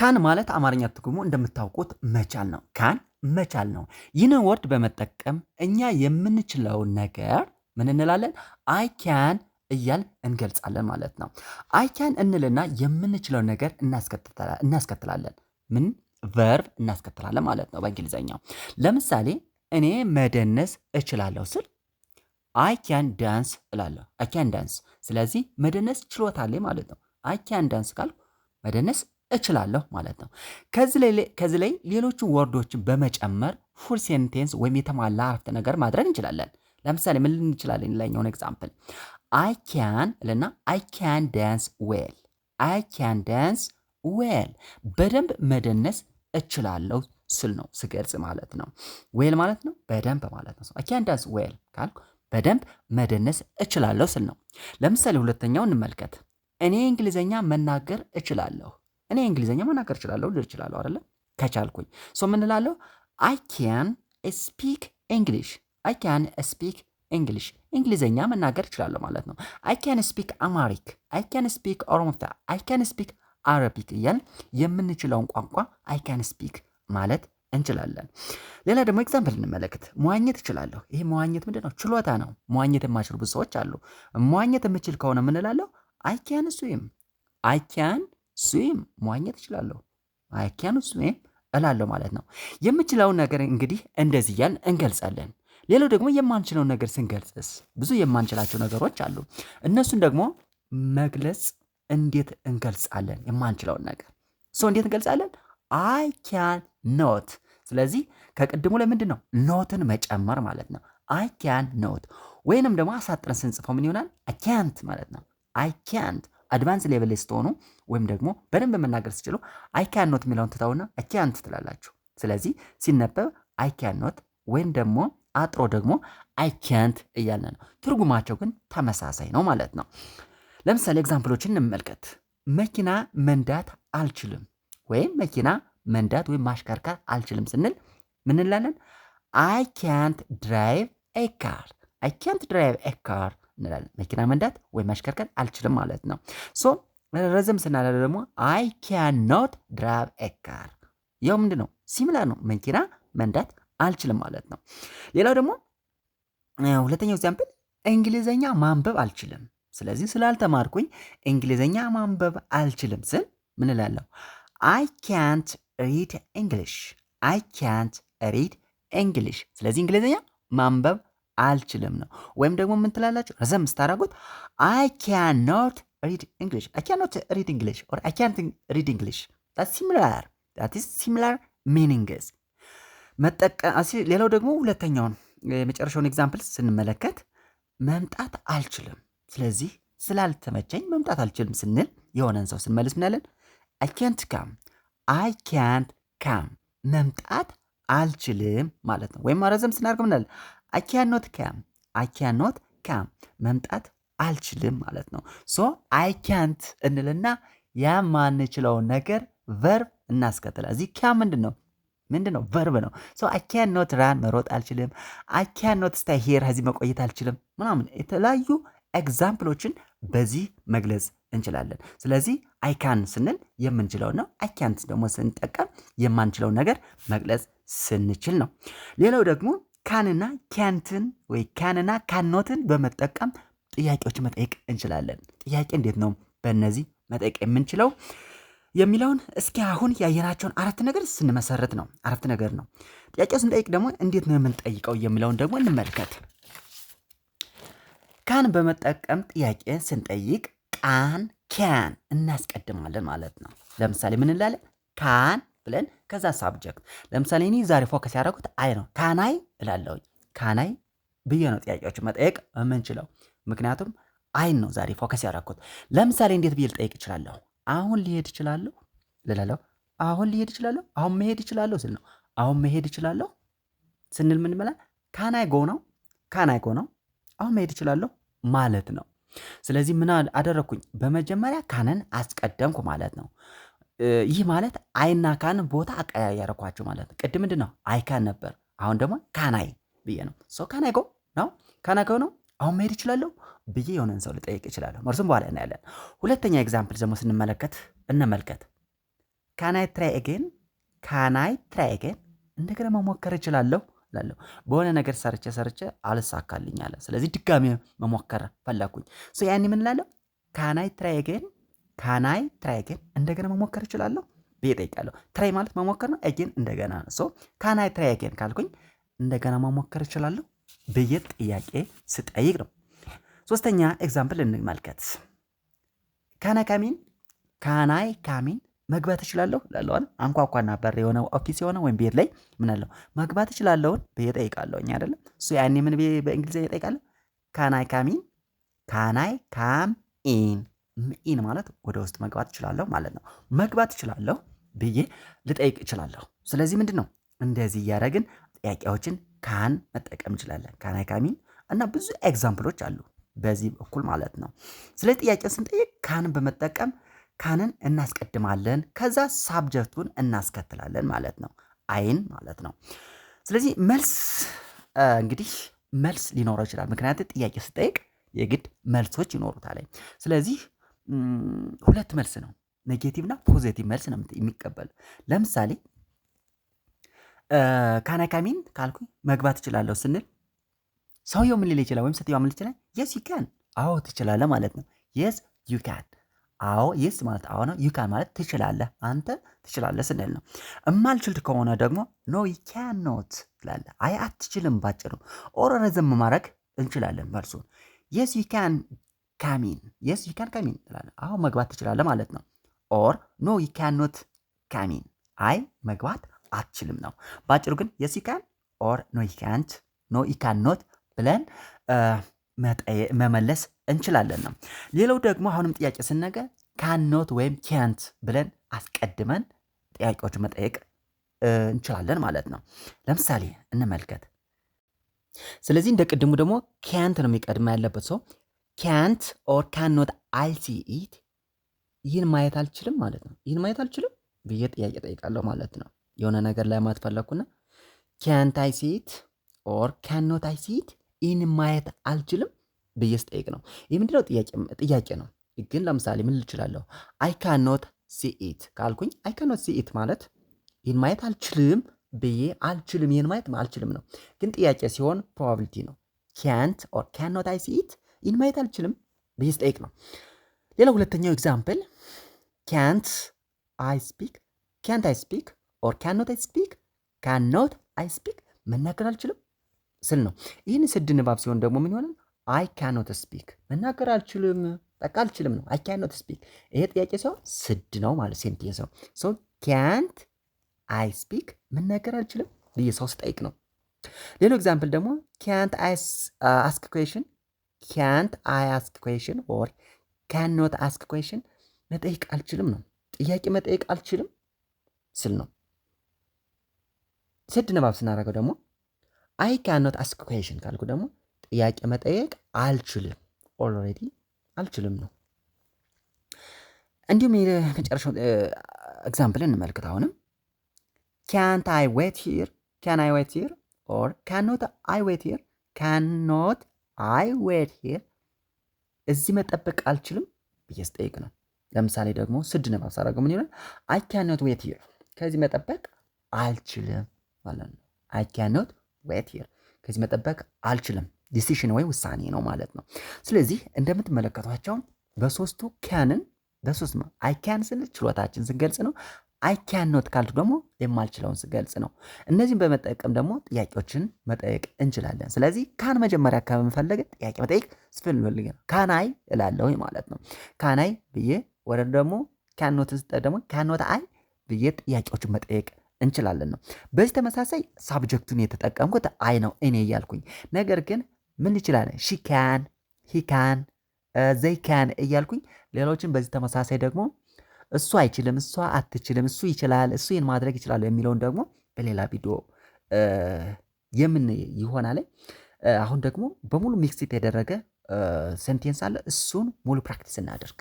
ካን ማለት አማርኛ ትርጉሙ እንደምታውቁት መቻል ነው። ካን መቻል ነው። ይህንን ወርድ በመጠቀም እኛ የምንችለውን ነገር ምን እንላለን? አይ ካን እያል እንገልጻለን ማለት ነው። አይ ካን እንልና የምንችለው ነገር እናስከትላለን። ምን ቨርብ እናስከትላለን ማለት ነው በእንግሊዘኛው። ለምሳሌ እኔ መደነስ እችላለሁ ስል አይ ካን ዳንስ እላለሁ። አይ ካን ዳንስ። ስለዚህ መደነስ ችሎታ አለኝ ማለት ነው። አይ ካን ዳንስ ካልኩ መደነስ እችላለሁ ማለት ነው። ከዚህ ላይ ሌሎችን ወርዶችን በመጨመር ፉል ሴንቴንስ ወይም የተሟላ አረፍተ ነገር ማድረግ እንችላለን። ለምሳሌ ምን ልን እንችላለን? ሌላኛውን ኤግዛምፕል አይ ካን ልና አይ ካን ዳንስ ዌል፣ አይ ካን ዳንስ ዌል በደንብ መደነስ እችላለሁ ስል ነው ስገልጽ ማለት ነው። ዌል ማለት ነው በደንብ ማለት ነው። አይ ካን ዳንስ ዌል ካልኩ በደንብ መደነስ እችላለሁ ስል ነው። ለምሳሌ ሁለተኛው እንመልከት። እኔ እንግሊዘኛ መናገር እችላለሁ እኔ እንግሊዝኛ መናገር እችላለሁ ልል እችላለሁ አይደለ? ከቻልኩኝ ሶ ምንላለሁ አይ ካን ስፒክ እንግሊሽ አይ ካን ስፒክ እንግሊሽ እንግሊዝኛ መናገር እችላለሁ ማለት ነው። አይ ካን ስፒክ አማሪክ፣ አይ ካን ስፒክ ኦሮምታ፣ አይ ካን ስፒክ አረቢክ እያል የምንችለውን ቋንቋ አይ ካን ስፒክ ማለት እንችላለን። ሌላ ደግሞ ኤግዛምፕል እንመለከት። መዋኘት እችላለሁ። ይሄ መዋኘት ምንድን ነው? ችሎታ ነው። መዋኘት የማይችሉ ብዙ ሰዎች አሉ። መዋኘት የምችል ከሆነ ምንላለሁ አይ ካን ስዊም አይ ካን ስዊም መዋኘት እችላለሁ። አይ ስዊም እላለሁ ማለት ነው። የምችለውን ነገር እንግዲህ እንደዚህ እያልን እንገልጻለን። ሌላው ደግሞ የማንችለውን ነገር ስንገልጽስ ብዙ የማንችላቸው ነገሮች አሉ። እነሱን ደግሞ መግለጽ እንዴት እንገልጻለን? የማንችለውን ነገር ሰው እንዴት እንገልጻለን? አይ ካን ኖት። ስለዚህ ከቅድሙ ለምንድን ነው ኖትን መጨመር ማለት ነው። አይ ካን ኖት ወይንም ደግሞ አሳጥረን ስንጽፈው ምን ይሆናል? አይ ካንት ማለት ነው። አይ ካንት አድቫንስ ሌቨል ስትሆኑ ወይም ደግሞ በደንብ መናገር ስችሉ አይ ካን ኖት የሚለውን ትተውና አይ ካንት ትላላችሁ። ስለዚህ ሲነበብ አይ ካን ኖት ወይም ደግሞ አጥሮ ደግሞ አይ ካንት እያለ ነው። ትርጉማቸው ግን ተመሳሳይ ነው ማለት ነው። ለምሳሌ ኤግዛምፕሎችን እንመልከት። መኪና መንዳት አልችልም ወይም መኪና መንዳት ወይም ማሽከርከር አልችልም ስንል ምን እንላለን? አይ ካንት ድራይቭ ኤ ካር። አይ ካንት ድራይቭ ኤ ካር እንላለን። መኪና መንዳት ወይም ማሽከርከር አልችልም ማለት ነው። ሶ ረዘም ስናለ ደግሞ አይ ካኖት ድራቭ ኤ ካር ያው ምንድን ነው ሲሚላር ነው። መኪና መንዳት አልችልም ማለት ነው። ሌላው ደግሞ ሁለተኛው ኤግዛምፕል እንግሊዘኛ ማንበብ አልችልም። ስለዚህ ስላልተማርኩኝ እንግሊዘኛ ማንበብ አልችልም ስል ምን እላለሁ? አይ ካንት ሪድ እንግሊሽ አይ ካንት ሪድ እንግሊሽ። ስለዚህ እንግሊዘኛ ማንበብ አልችልም ነው። ወይም ደግሞ ምን ትላላችሁ? ረዘም ስታደርጉት አይ ሪድ እንግሊሽ፣ አይ ሪድ እንግሊሽ ኦር አይ ካንት ሪድ እንግሊሽ ሲሚላር ዳት ኢዝ ሲሚላር ሚኒንግስ መጠቀም። ሌላው ደግሞ ሁለተኛውን የመጨረሻውን ኤግዛምፕል ስንመለከት መምጣት አልችልም፣ ስለዚህ ስላልተመቸኝ መምጣት አልችልም ስንል የሆነን ሰው ስንመልስ ምናለን? አይ ካንት ካም፣ አይ ካንት ካም መምጣት አልችልም ማለት ነው። ወይም ማረዘም ስናደርግ ምንል አይ ኖት ካም፣ አይ ኖት ካም መምጣት አልችልም ማለት ነው። ሶ አይኪያንት ካንት እንልና የማንችለውን ነገር ቨርብ እናስከትላል። እዚህ ካም ምንድን ነው? ምንድን ነው? ቨርብ ነው። ሶ አይ ኖት ራን መሮጥ አልችልም። አይ ኖት ስታይ ሄር እዚህ መቆየት አልችልም ምናምን የተለያዩ ኤግዛምፕሎችን በዚህ መግለጽ እንችላለን። ስለዚህ አይካን ስንል የምንችለው ነው። አይካንት ደግሞ ስንጠቀም የማንችለው ነገር መግለጽ ስንችል ነው። ሌላው ደግሞ ካንና ኪያንትን ወይ ካንና ካኖትን በመጠቀም ጥያቄዎችን መጠየቅ እንችላለን። ጥያቄ እንዴት ነው በእነዚህ መጠየቅ የምንችለው የሚለውን እስኪ አሁን ያየናቸውን አረፍተ ነገር ስንመሰርት ነው። አረፍተ ነገር ነው። ጥያቄው ስንጠይቅ ደግሞ እንዴት ነው የምንጠይቀው የሚለውን ደግሞ እንመልከት። ካን በመጠቀም ጥያቄ ስንጠይቅ ቃን ኪያን እናስቀድማለን ማለት ነው። ለምሳሌ ምን እንላለን? ካን ብለን ከዛ ሳብጀክት። ለምሳሌ እኔ ዛሬ ፎከስ ያደረኩት አይ ነው። ካናይ እላለሁኝ። ካናይ ብዬ ነው ጥያቄዎች መጠየቅ የምንችለው፣ ምክንያቱም አይን ነው ዛሬ ፎከስ ያደረኩት። ለምሳሌ እንዴት ብዬ ልጠይቅ እችላለሁ? አሁን ሊሄድ እችላለሁ ልላለሁ። አሁን ሊሄድ እችላለሁ፣ አሁን መሄድ እችላለሁ ስል ነው። አሁን መሄድ እችላለሁ ስንል ምን ይመላል? ካናይ ጎ ነው። ካናይ ጎ ነው አሁን መሄድ እችላለሁ ማለት ነው። ስለዚህ ምን አደረግኩኝ? በመጀመሪያ ካንን አስቀደምኩ ማለት ነው። ይህ ማለት አይና ካን ቦታ አቀያየርኳቸው ማለት ነው። ቅድም ምንድን ነው አይካን ነበር፣ አሁን ደግሞ ካናይ ብዬ ነው። ሰው ካናይ ጎ ነው ካናይ ጎ ነው። አሁን መሄድ እችላለሁ ብዬ የሆነን ሰው ልጠይቅ እችላለሁ። መርሱም በኋላ እናያለን። ሁለተኛ ኤግዛምፕል ደግሞ ስንመለከት እንመልከት። ካናይ ትራይ ኤጌን፣ ካናይ ትራይ ኤጌን፣ እንደገና መሞከር እችላለሁ ላለሁ በሆነ ነገር ሰርቸ ሰርቸ አልሳካልኝ አለ። ስለዚህ ድጋሚ መሞከር ፈላኩኝ። ያኔ ምን ላለው ካናይ ትራይ አጌን፣ ካናይ ትራይ አጌን፣ እንደገና መሞከር እችላለሁ ብዬ ጠይቃለሁ። ትራይ ማለት መሞከር ነው። አጌን እንደገና ነው። ካናይ ትራይ አጌን ካልኩኝ እንደገና መሞከር እችላለሁ ብዬ ጥያቄ ስጠይቅ ነው። ሶስተኛ ኤግዛምፕል እንመልከት። ካና ካሚን፣ ካናይ ካሚን መግባት እችላለሁ እላለሁ አንኳኳና በር የሆነ ኦፊስ የሆነ ወይም ቤት ላይ ምን መግባት እችላለሁን ብዬ እኛ አይደለም? እሱ ያኔ ምን በእንግሊዝኛ እጠይቃለሁ? ካናይ ካሚን ካናይ ካም ኢን ኢን ማለት ወደ ውስጥ መግባት እችላለሁ ማለት ነው። መግባት እችላለሁ ብዬ ልጠይቅ እችላለሁ። ስለዚህ ምንድን ነው እንደዚህ እያደረግን ጥያቄዎችን ካን መጠቀም እንችላለን። ካናይ ካሚን እና ብዙ ኤግዛምፕሎች አሉ በዚህ በኩል ማለት ነው። ስለዚህ ጥያቄ ስንጠይቅ ካን በመጠቀም ካንን እናስቀድማለን፣ ከዛ ሳብጀክቱን እናስከትላለን ማለት ነው። አይን ማለት ነው። ስለዚህ መልስ እንግዲህ መልስ ሊኖረው ይችላል። ምክንያቱም ጥያቄ ስጠይቅ የግድ መልሶች ይኖሩታል። ስለዚህ ሁለት መልስ ነው፣ ኔጌቲቭ እና ፖዚቲቭ መልስ ነው የሚቀበል። ለምሳሌ ካናካሚን ካልኩ መግባት እችላለሁ ስንል ሰውየው ምን ሊል ይችላል? ወይም ሴትዮዋ ምን ይችላል? የስ ዩ ካን፣ አዎ ትችላለህ ማለት ነው። የስ ዩ ካን አዎ የስ ማለት አዎ ነው። ዩካን ማለት ትችላለህ፣ አንተ ትችላለህ ስንል ነው። እማልችል ከሆነ ደግሞ ኖ ዩ ኖት ትላለህ። አይ አትችልም ባጭሩ። ኦር ረዘም ማድረግ እንችላለን መልሱን። የስ ዩ ካን ካሚን፣ የስ ዩ ካን ካሚን ትላለህ። አዎ መግባት ትችላለህ ማለት ነው። ኦር ኖ ዩ ኖት ካሚን፣ አይ መግባት አትችልም ነው ባጭሩ። ግን የስ ዩ ካን ኦር ኖ ዩ ካንት፣ ኖ ዩ ኖት ብለን መመለስ እንችላለን ነው። ሌላው ደግሞ አሁንም ጥያቄ ስነገ ካኖት ወይም ኬንት ብለን አስቀድመን ጥያቄዎች መጠየቅ እንችላለን ማለት ነው። ለምሳሌ እንመልከት። ስለዚህ እንደ ቅድሙ ደግሞ ኬንት ነው የሚቀድመ ያለበት ሰው ኬንት ኦር ካኖት አይሲ ኢት ይህን ማየት አልችልም ማለት ነው። ይህን ማየት አልችልም ብዬ ጥያቄ ጠይቃለሁ ማለት ነው። የሆነ ነገር ላይ ማትፈለግኩና ኬንት አይሲት ኦር ካኖት አይሲት ይህን ማየት አልችልም ብዬ ስጠይቅ ነው። ይህ ምንድነው ጥያቄ ነው። ግን ለምሳሌ ምን ልችላለሁ? አይ ካኖት ሲኢት ካልኩኝ አይ ካኖት ሲኢት ማለት ይህን ማየት አልችልም ብዬ አልችልም፣ ይህን ማየት አልችልም ነው። ግን ጥያቄ ሲሆን ፕሮባብሊቲ ነው። ካንት ኦር ካኖት አይ ሲኢት ይህን ማየት አልችልም ብዬ ስጠይቅ ነው። ሌላ ሁለተኛው ኤግዛምፕል ካንት አይ ስፒክ ካንት አይ ስፒክ ኦር ካኖት አይ ስፒክ ካኖት አይ ስፒክ መናገር አልችልም ስል ነው። ይህን ስድ ንባብ ሲሆን ደግሞ ምን ይሆናል? አይ ካኖት ስፒክ መናገር አልችልም፣ በቃ አልችልም ነው። አይ ካኖት ስፒክ ይሄ ጥያቄ ሰው ስድ ነው ማለት ሴንት የሰው ሶ ካንት አይ ስፒክ መናገር አልችልም ብዬ ሰው ስጠይቅ ነው። ሌሎ ኤግዛምፕል ደግሞ ካንት አይ አስክ ኩዌሽን፣ ካንት አይ አስክ ኩዌሽን ኦር ካኖት አስክ ኩዌሽን መጠየቅ አልችልም ነው። ጥያቄ መጠየቅ አልችልም ስል ነው። ስድ ንባብ ስናደርገው ደግሞ አይ ካኖት አስክ ኩዌሽን ካልኩ ደግሞ ጥያቄ መጠየቅ አልችልም ኦልሬዲ አልችልም ነው። እንዲሁም የመጨረሻው ኤግዛምፕል እንመልከት። አሁንም ካንት አይ ዌት ሂር፣ ካን አይ ዌት ሂር ኦር ካንኖት አይ ዌት ሂር፣ ካንኖት አይ ዌት ሂር እዚህ መጠበቅ አልችልም ብዬ ስጠይቅ ነው። ለምሳሌ ደግሞ ስድ ነው ማሳረገ ምን ይላል? አይ ካንኖት ዌት ሂር፣ ከዚህ መጠበቅ አልችልም ማለት ነው። አይ ካንኖት ዌት ሂር፣ ከዚህ መጠበቅ አልችልም ዲሲሽን ወይ ውሳኔ ነው ማለት ነው። ስለዚህ እንደምትመለከቷቸው በሶስቱ ኪያንን በሶስት ነው። አይ ኪያን ስል ችሎታችን ስንገልጽ ነው። አይ ኪያን ኖት ካልት ደግሞ የማልችለውን ስገልጽ ነው። እነዚህን በመጠቀም ደግሞ ጥያቄዎችን መጠየቅ እንችላለን። ስለዚህ ካን መጀመሪያ ከምንፈልግ ጥያቄ መጠየቅ ስፈልግ ነው። ካናይ እላለሁ ማለት ነው። ካናይ ብዬ ወደ ደግሞ ኪያን ኖት ስጠ ደግሞ ኪያን ኖት አይ ብዬ ጥያቄዎችን መጠየቅ እንችላለን ነው። በዚህ ተመሳሳይ ሳብጀክቱን የተጠቀምኩት አይ ነው እኔ እያልኩኝ ነገር ግን ምን እንችላለን? ሺ ካን፣ ሂ ካን፣ ዘይ ካን እያልኩኝ ሌሎችን በዚህ ተመሳሳይ ደግሞ እሱ አይችልም፣ እሷ አትችልም፣ እሱ ይችላል፣ እሱ ይህን ማድረግ ይችላል የሚለውን ደግሞ በሌላ ቪዲዮ የምን ይሆናል። አሁን ደግሞ በሙሉ ሚክስት የተደረገ ሴንቴንስ አለ። እሱን ሙሉ ፕራክቲስ እናደርግ።